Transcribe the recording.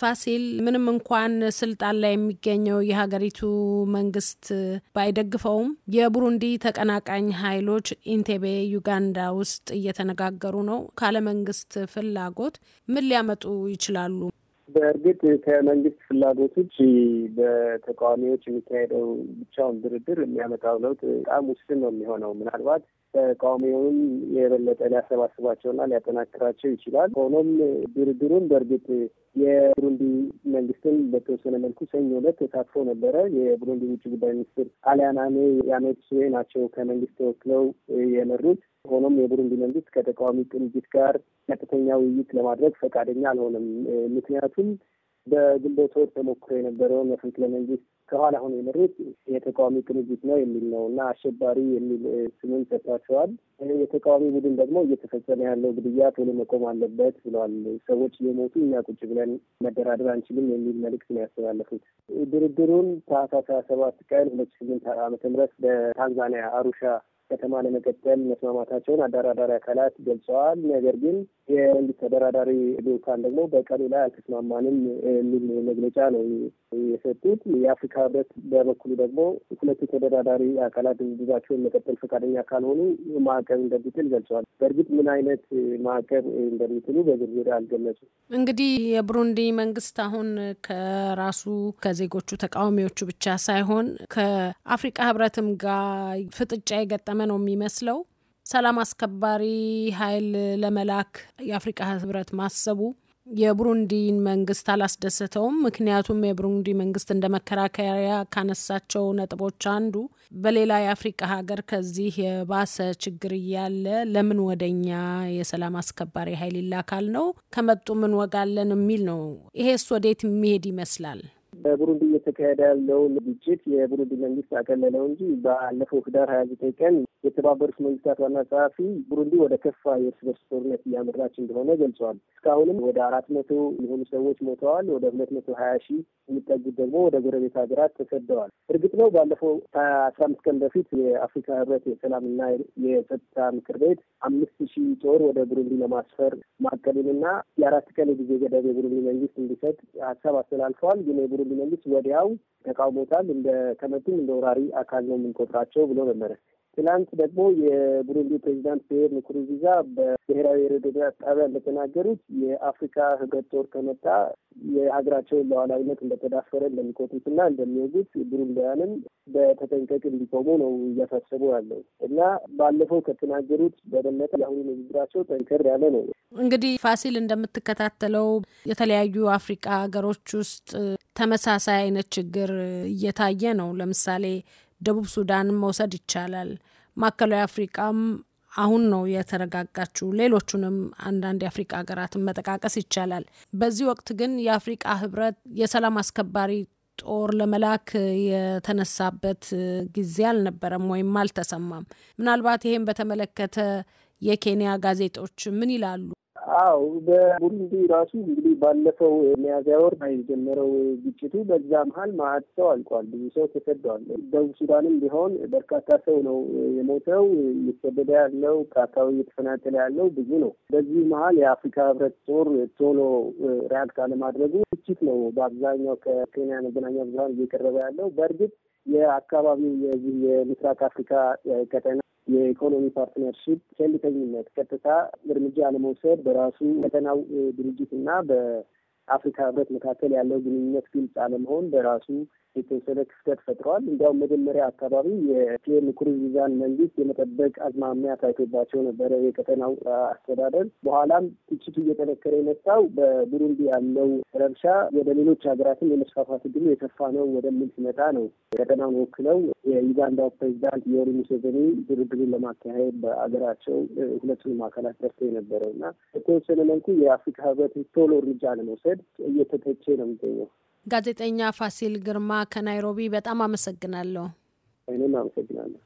ፋሲል ምንም እንኳን ስልጣን ላይ የሚገኘው የሀገሪቱ መንግስት ባይደግፈውም የቡሩንዲ ተቀናቃኝ ኃይሎች ኢንቴቤ ዩጋንዳ ውስጥ እየተነጋገሩ ነው። ካለመንግስት ፍላጎት ምን ሊያመጡ ይችላሉ? በእርግጥ ከመንግስት ፍላጎቶች በተቃዋሚዎች የሚካሄደው ብቻውን ድርድር የሚያመጣው ለውጥ በጣም ውስን ነው የሚሆነው። ምናልባት ተቃዋሚውን የበለጠ ሊያሰባስባቸውና ሊያጠናክራቸው ይችላል። ሆኖም ድርድሩን በእርግጥ የቡሩንዲ መንግስትን በተወሰነ መልኩ ሰኞ ዕለት ተሳትፎ ነበረ። የቡሩንዲ ውጭ ጉዳይ ሚኒስትር አሊያናሜ ናሜ ናቸው ከመንግስት ተወክለው የመሩት። ሆኖም የቡሩንዲ መንግስት ከተቃዋሚ ቅንጅት ጋር ቀጥተኛ ውይይት ለማድረግ ፈቃደኛ አልሆነም። ምክንያቱም በግንቦት ወር ተሞክሮ የነበረውን መፈንቅለ መንግስት ከኋላ ሆኖ የመሩት የተቃዋሚ ቅንጅት ነው የሚል ነው እና አሸባሪ የሚል ስምም ሰጥቷቸዋል። የተቃዋሚ ቡድን ደግሞ እየተፈጸመ ያለው ግድያ ቶሎ መቆም አለበት ብለዋል። ሰዎች እየሞቱ እኛ ቁጭ ብለን መደራደር አንችልም የሚል መልእክት ነው ያስተላለፉት። ድርድሩን ታህሳስ ሰባት ቀን ሁለት ስምንት ዓመተ ምህረት በታንዛኒያ አሩሻ ከተማ ለመቀጠል መስማማታቸውን አደራዳሪ አካላት ገልጸዋል። ነገር ግን የመንግስት ተደራዳሪ ልዑካን ደግሞ በቀኑ ላይ አልተስማማንም የሚል መግለጫ ነው የሰጡት። የአፍሪካ ህብረት በበኩሉ ደግሞ ሁለቱ ተደራዳሪ አካላት ድርድራቸውን መቀጠል ፈቃደኛ ካልሆኑ ማዕቀብ እንደሚጥል ገልጸዋል። በእርግጥ ምን አይነት ማዕቀብ እንደሚጥሉ በዝርዝር አልገለጹም። እንግዲህ የብሩንዲ መንግስት አሁን ከራሱ ከዜጎቹ ተቃዋሚዎቹ ብቻ ሳይሆን ከአፍሪቃ ህብረትም ጋር ፍጥጫ የገጠመ የተፈጸመ ነው የሚመስለው። ሰላም አስከባሪ ኃይል ለመላክ የአፍሪቃ ህብረት ማሰቡ የቡሩንዲን መንግስት አላስደሰተውም። ምክንያቱም የቡሩንዲ መንግስት እንደ መከራከሪያ ካነሳቸው ነጥቦች አንዱ በሌላ የአፍሪቃ ሀገር ከዚህ የባሰ ችግር እያለ ለምን ወደኛ የሰላም አስከባሪ ኃይል ይላካል ነው፣ ከመጡ ምን ወጋለን የሚል ነው። ይሄስ ወዴት የሚሄድ ይመስላል? በቡሩንዲ እየተካሄደ ያለውን ግጭት የቡሩንዲ መንግስት አቀለለው እንጂ ባለፈው ህዳር ሀያ ዘጠኝ ቀን የተባበሩት መንግስታት ዋና ጸሐፊ ቡሩንዲ ወደ ከፋ የእርስ በርስ ጦርነት እያመራች እንደሆነ ገልጸዋል። እስካሁንም ወደ አራት መቶ የሆኑ ሰዎች ሞተዋል። ወደ ሁለት መቶ ሀያ ሺህ የሚጠጉት ደግሞ ወደ ጎረቤት ሀገራት ተሰደዋል። እርግጥ ነው ባለፈው አስራ አምስት ቀን በፊት የአፍሪካ ህብረት የሰላምና የጸጥታ ምክር ቤት አምስት ሺህ ጦር ወደ ቡሩንዲ ለማስፈር ማቀዱንና የአራት ቀን የጊዜ ገደብ የቡሩንዲ መንግስት እንዲሰጥ ሀሳብ አስተላልፈዋል ግን ብሎ የሚመልስ ወዲያው ተቃውሞታል። እንደ ከመቱም እንደ ወራሪ አካል ነው የምንቆጥራቸው ብሎ ነበረ። ትላንት ደግሞ የቡሩንዲ ፕሬዚዳንት ፒየር ንኩሩንዚዛ በብሔራዊ ሬዲዮ ጣቢያ እንደተናገሩት የአፍሪካ ህብረት ጦር ከመጣ የሀገራቸውን ሉዓላዊነት እንደተዳፈረ እንደሚቆጡትና እንደሚወጉት ቡሩንዲያንም በተጠንቀቅ እንዲቆሙ ነው እያሳሰቡ ያለው እና ባለፈው ከተናገሩት በበለጠ የአሁኑ ንግግራቸው ጠንከር ያለ ነው። እንግዲህ ፋሲል እንደምትከታተለው የተለያዩ አፍሪቃ ሀገሮች ውስጥ ተመሳሳይ አይነት ችግር እየታየ ነው። ለምሳሌ ደቡብ ሱዳን መውሰድ ይቻላል። ማዕከላዊ አፍሪቃም አሁን ነው የተረጋጋችው። ሌሎቹንም አንዳንድ የአፍሪቃ ሀገራትን መጠቃቀስ ይቻላል። በዚህ ወቅት ግን የአፍሪቃ ህብረት የሰላም አስከባሪ ጦር ለመላክ የተነሳበት ጊዜ አልነበረም ወይም አልተሰማም። ምናልባት ይሄን በተመለከተ የኬንያ ጋዜጦች ምን ይላሉ? አው በቡሩንዲ ራሱ እንግዲህ ባለፈው ሚያዝያ ወር የጀመረው ግጭቱ በዛ መሀል ማአት ሰው አልቋል። ብዙ ሰው ተሰደዋል። ደቡብ ሱዳንም ቢሆን በርካታ ሰው ነው የሞተው፣ እየተሰደደ ያለው ከአካባቢ እየተፈናቀለ ያለው ብዙ ነው። በዚህ መሀል የአፍሪካ ህብረት ጦር ቶሎ ሪያክት አለማድረጉ ግጭት ነው በአብዛኛው ከኬንያ መገናኛ ብዙሀን እየቀረበ ያለው በእርግጥ የአካባቢው የዚህ የምስራቅ አፍሪካ ቀጠና የኢኮኖሚ ፓርትነርሽፕ ቸልተኝነት፣ ቀጥታ እርምጃ አለመውሰድ በራሱ ፈተናው ድርጅት እና አፍሪካ ህብረት መካከል ያለው ግንኙነት ግልጽ አለመሆን በራሱ የተወሰደ ክፍተት ፈጥሯል። እንዲያውም መጀመሪያ አካባቢ የፒኤም ንኩሩንዚዛን መንግስት የመጠበቅ አዝማሚያ ታይቶባቸው ነበረ የቀጠናው አስተዳደር። በኋላም ትችቱ እየጠነከረ የመጣው በቡሩንዲ ያለው ረብሻ ወደ ሌሎች ሀገራትም የመስፋፋት እድሉ የከፋ ነው ወደሚል ሲመጣ ነው ቀጠናውን ወክለው የዩጋንዳው ፕሬዚዳንት ዮዌሪ ሙሴቬኒ ድርድሩን ለማካሄድ በሀገራቸው ሁለቱንም አካላት ደርሰው የነበረው እና በተወሰነ መልኩ የአፍሪካ ህብረት ቶሎ እርምጃ ለመውሰድ መንገድ እየተተቼ ነው የሚገኘው። ጋዜጠኛ ፋሲል ግርማ ከናይሮቢ በጣም አመሰግናለሁ። እኔም አመሰግናለሁ።